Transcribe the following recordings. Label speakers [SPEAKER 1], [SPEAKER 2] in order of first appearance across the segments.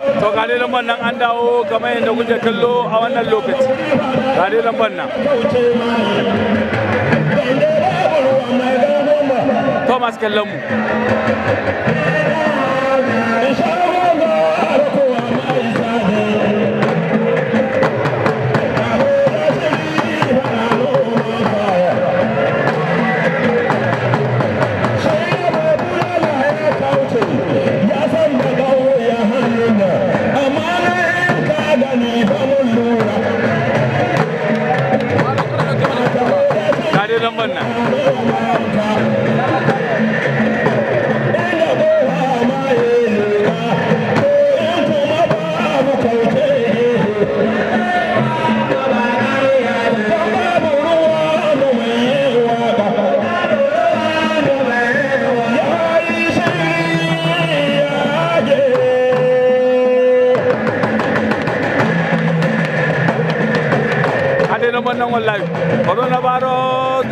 [SPEAKER 1] to ga lamban nan an dawo kamar yadda kuke kallo a wannan lokaci ga lamban nan Thomas kallon mu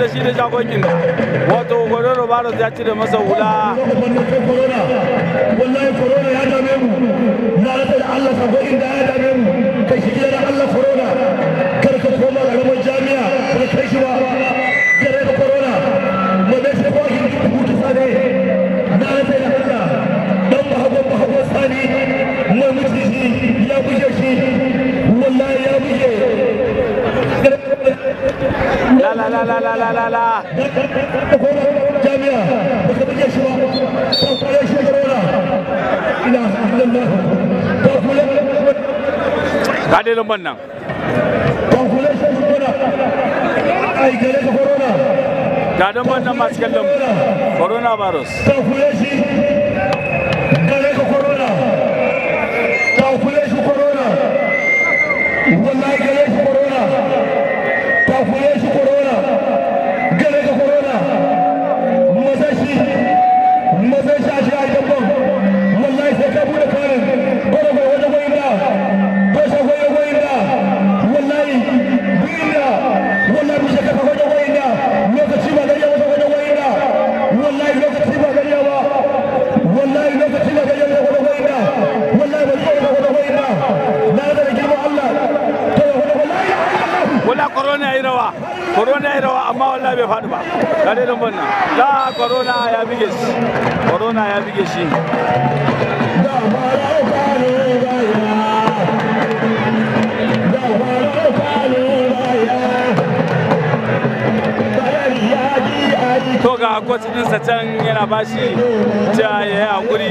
[SPEAKER 1] da shi da jagogin ga wato gwadoro baros ya da masa hula wallahi corona ya dame mu na da Allah sako inda ya dame mu kai shi da Allah corona la la la la jami'a ba ka buge shi ka corona ga dan corona virus dalilin wannan da corona ya bige shi corona ya bige shi can yana bashi ta hakuri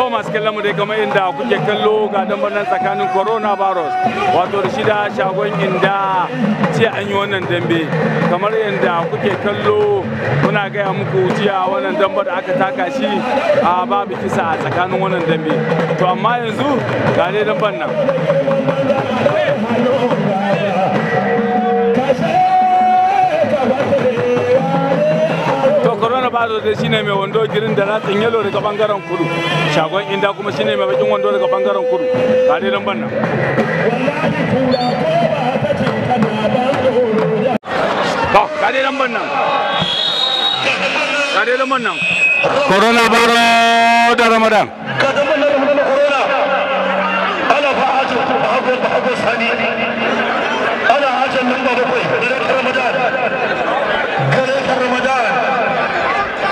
[SPEAKER 1] thomas masu dai kamar inda kuke kallo ga dambar nan tsakanin coronavirus wato da shida shagon inda jiya an yi wannan dambe kamar yadda kuke kallo muna gaya muku jiya wannan dambar da aka taka shi a babu kisa a tsakanin wannan dambe to amma yanzu ga dai dambar nan Amado da shine mai wando girin da ratsin yalo daga bangaren kudu. Shagon Inda kuma shine mai bakin wando daga bangaren kudu. Ga dai lambar nan. To, ga dai lambar nan. Ga dai lambar nan. Corona baro da Ramadan. Ka da Ramadan Corona. Ala fa'atu hafiz hafiz hani.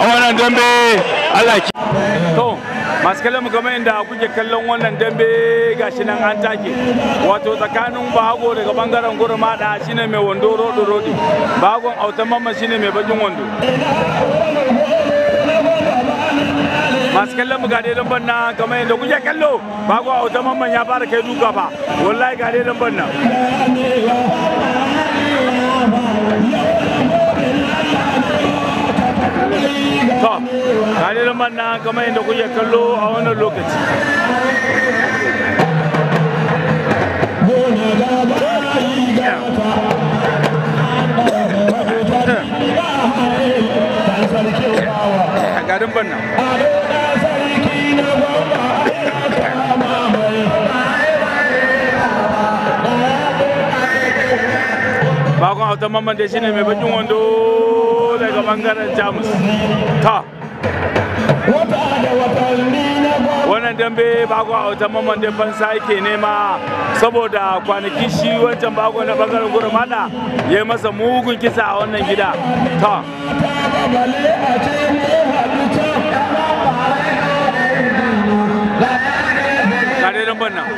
[SPEAKER 1] a wannan dambe Allah ki to masu kallon mu kamar yadda kuke kallon wannan dambe gashi nan an take wato tsakanin bago daga bangaren gurma da shine mai wando rodo rodi bahagon autan mamman shine mai bakin wando masu kallon mu ga dai lambar nan kamar yadda kuke kallo bago autan mamman ya fara kai duka fa wallahi ga dai lambar nan to da manna kamar yadda kuke kallo a wannan lokaci garin banna bakon autan mamman da shi ne mai bakin wando daga bangaren jamus ta wannan dambe bago a wata mamman damben sa yake nema saboda kwanaki shi wancan bago na bangaren gurmada ya yi masa mugun kisa a wannan gida ta kare damben nan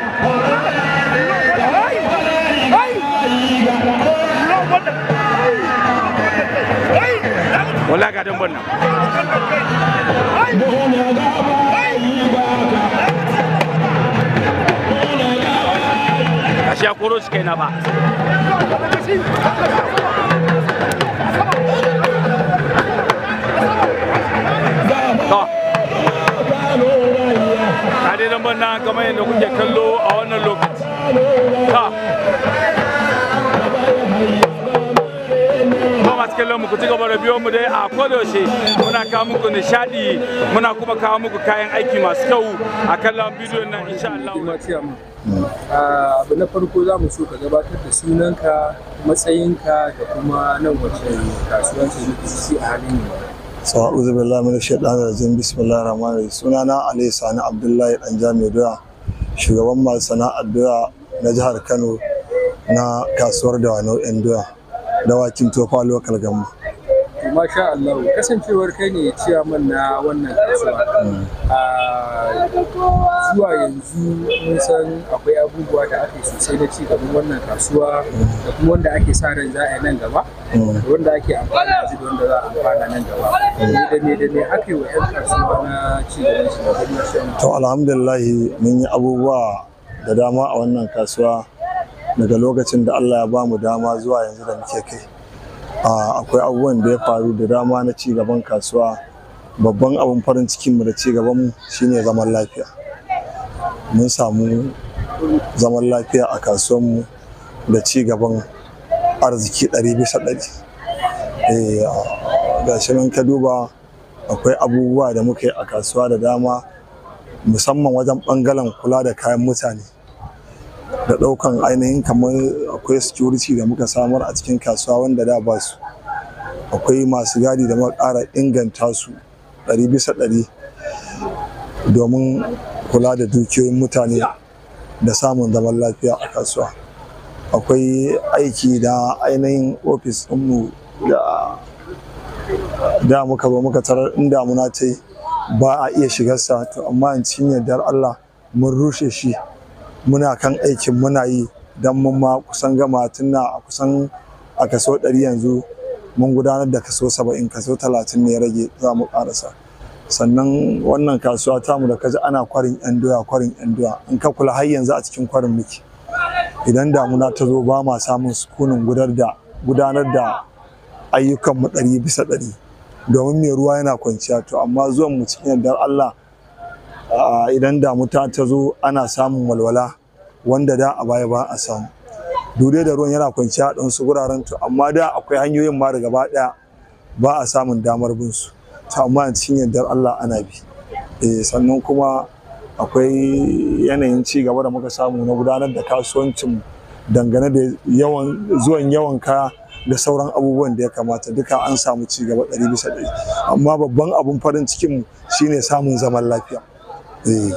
[SPEAKER 1] wala ga dan banna gashi ya na ba Kade dan banna kamar yadda kuke kallo a wannan
[SPEAKER 2] lokaci.
[SPEAKER 1] masu kallon mu ku ci gaba da biyo mu dai a kodayaushe muna kawo muku nishadi muna kuma kawo muku kayan aiki masu kyau a kallon bidiyon nan insha Allah.
[SPEAKER 2] Ah, abu na farko za mu so ka gabatar da sunanka matsayinka da kuma nan wace kasuwa na muke a halin yanzu
[SPEAKER 3] so a'udhu billahi minash shaitanir rajim bismillahir rahmanir rahim sunana Ali Sani Abdullahi dan Jami Doya shugaban masu sana'ar doya na jihar Kano na kasuwar Dawano Doya dawakin tofa local gamu. masha Allah
[SPEAKER 2] kasancewar kai ne man na wannan kasuwa hmm. ah,
[SPEAKER 3] zuwa yanzu mun san
[SPEAKER 2] akwai abubuwa da ake sosai na ci gaban wannan kasuwa da kuma wanda ake sa ran za a yi nan gaba hmm. da wanda ake amfana da da wanda za a amfana nan gaba hmm. da ne da ne aka wa yan kasuwa na ci gaban shi
[SPEAKER 3] to alhamdulillah mun yi abubuwa da dama a wannan kasuwa daga lokacin da Allah ya bamu dama zuwa yanzu da muke kai akwai abubuwan da ya faru da dama na ci gaban kasuwa babban abin farin cikin mu da ci gaban mu shine zaman lafiya mun samu zaman lafiya a kasuwan mu da ci gaban arziki ɗari bisa ɗari eh, ga shi nan ka duba akwai abubuwa da muka yi a kasuwa da dama musamman wajen ɓangaren kula da kayan mutane da ɗaukan ainihin kamar akwai security da muka samar a cikin kasuwa wanda da ba su akwai masu gadi da muka ƙara inganta su ɗari bisa ɗari domin kula da dukiyoyin mutane da samun zaman lafiya a kasuwa akwai aiki da ainihin ofis ɗinmu da da muka zo muka tarar in damuna ta yi ba a iya shigarsa to amma in cinye dar Allah mun rushe shi muna kan aikin muna yi don mun ma kusan gama tun na a kusan a kaso 100 yanzu mun gudanar da kaso 70 kaso 30 ne ya rage za mu karasa sannan wannan kasuwa tamu da kaji ana kwarin yan doya kwarin yan doya in ka kula har yanzu a cikin kwarin muke idan damuna ta zo ba ma samun sukunin gudanar da ayyukan mu ɗari bisa ɗari domin mai ruwa yana kwanciya to amma zuwan mu cikin yardar Allah idan damuta ta zo ana samun walwala wanda da a baya ba a samu dude da ruwan yana kwanciya a su wuraren to amma da akwai hanyoyin ma daga gaba ɗaya ba a samun damar bin su to amma cikin yardar Allah ana bi eh sannan kuma akwai yanayin ci gaba da muka samu na gudanar da kasuwancin dangane da yawan zuwan yawan kaya da sauran abubuwan da ya kamata duka an samu ci gaba ɗari bisa ɗari amma babban abun farin cikin shine samun zaman lafiya Eh.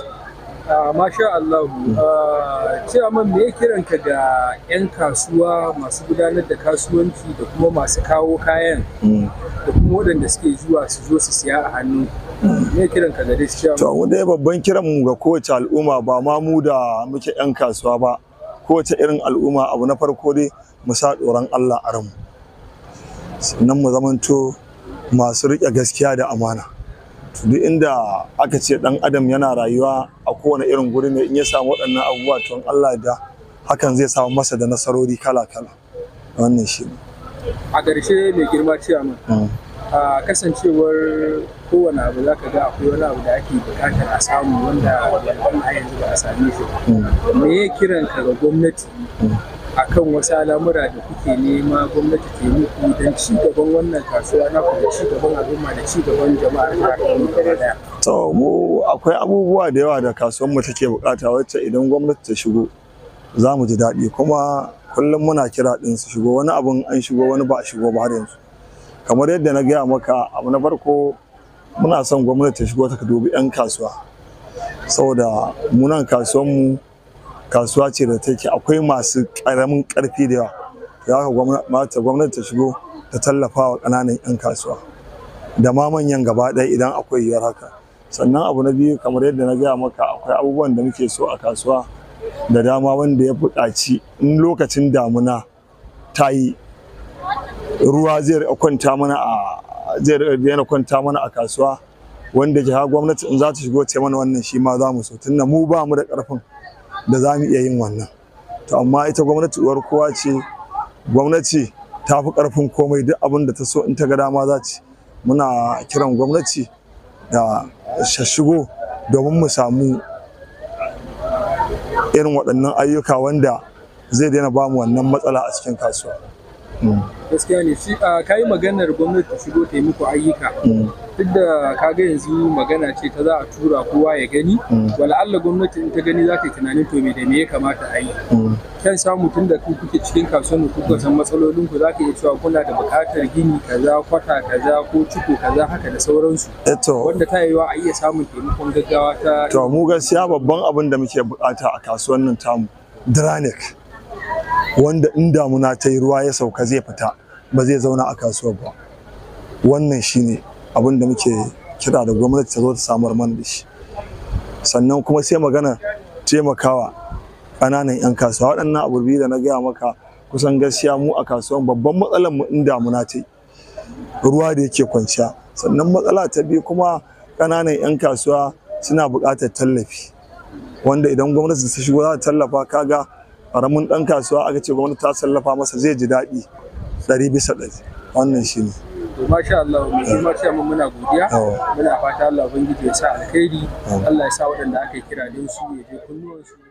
[SPEAKER 2] Ah, masha Allah, ah, ciyaman me kiranka ga 'yan kasuwa masu gudanar da kasuwanci
[SPEAKER 3] da kuma masu kawo kayan mm. da kuma waɗanda suke zuwa su zo su siya a hannu. Me kiranka ga dai ciyaman? To, mu dai babban mu ga kowace al'umma ba ma mu da muke 'yan kasuwa ba. Kowace irin al'umma abu na farko dai mu sa tsoron Allah a ranmu. Sannan mu zamanto masu riƙe gaskiya da amana. duk inda aka ce dan adam yana rayuwa a kowane irin guri ne in ya samu waɗannan abubuwa to Allah da hakan zai samu masa da nasarori kala-kala wannan shi ne
[SPEAKER 2] a ƙarshe mai girma ciyaman mm. a kasancewar kowane abu za ka ga akwai wani abu da ake bukatar a samu wanda a yanzu ba a same shi mm. me ya kiran ga gwamnati mm. akan wasu al'amura da kuke nema gwamnati
[SPEAKER 3] ke muku don ci gaban wannan kasuwa
[SPEAKER 2] na kuma ci gaban al'umma da ci gaban
[SPEAKER 3] jama'ar ta mu akwai abubuwa da yawa da kasuwar mu take bukata wacce idan gwamnati ta shigo za mu ji daɗi kuma kullum muna kira din su shigo wani abun an shigo wani ba a shigo ba har yanzu. Kamar yadda na gaya maka abu na farko muna son gwamnati ta shigo ta dubi 'yan kasuwa saboda munan kasuwanmu mu kasuwa ce da take akwai masu karamin karfi da yawa ya haka gwamnati ta shigo ta tallafa wa ƙananan 'yan kasuwa da ma manyan gaba ɗaya idan akwai yiwuwar haka sannan abu na biyu kamar yadda na gaya maka akwai abubuwan da muke so a kasuwa da dama wanda ya buƙaci in lokacin damuna ta yi ruwa zai kwanta mana a zai kwanta mana a kasuwa wanda jiha gwamnati in za ta shigo ce mana wannan shi ma za mu so tunda mu ba mu da ƙarfin da za mu iya yin wannan to amma ita gwamnati uwar kowa ce gwamnati ta fi ƙarfin komai duk abin da ta so in ta ga dama za ci muna kiran gwamnati da shashigo domin mu samu irin waɗannan ayyuka wanda zai daina bamu wannan matsala a cikin kasuwa
[SPEAKER 2] gaskiya ne shi a kayi maganar gwamnati ta shigo ta yi muku ayyuka duk da kaga yanzu magana ce ta za a tura kowa ya gani wala Allah gwamnati in ta gani za ta yi tunanin to me da me ya kamata a yi kan samu tun da kuke cikin kasuwar ku kuka san matsalolin ku za ka iya cewa kuna da bukatar gini kaza kwata kaza ko ciko kaza haka da sauransu eh, wanda ta yiwa a iya samun taimakon gaggawa ta
[SPEAKER 3] to mu gaskiya babban abin da muke bukata a kasuwar nan tamu dranek wanda in damuna ta yi ruwa ya sauka zai fita ba zai zauna a kasuwar ba wannan shine abin da muke kira da gwamnati ta zo ta samar mana da shi sannan kuma sai magana taimakawa ƙananan 'yan kasuwa waɗannan abu biyu da na gaya maka kusan gaskiya mu a kasuwan babban matsalar mu in damuna ta yi. ruwa da yake kwanciya sannan matsala ta biyu kuma ƙananan 'yan kasuwa suna buƙatar tallafi wanda idan gwamnati ta shigo za ta tallafa kaga ƙaramin ɗan kasuwa aka ce gwamnati ta sallafa masa zai ji daɗi ɗari bisa ɗari wannan shi ne.
[SPEAKER 2] to masha Allah mu ji eh. masha mun muna godiya eh. muna fata Allah ubangiji ya sa alkhairi eh. Allah ya sa waɗanda aka kira don su ya je kunnuwansu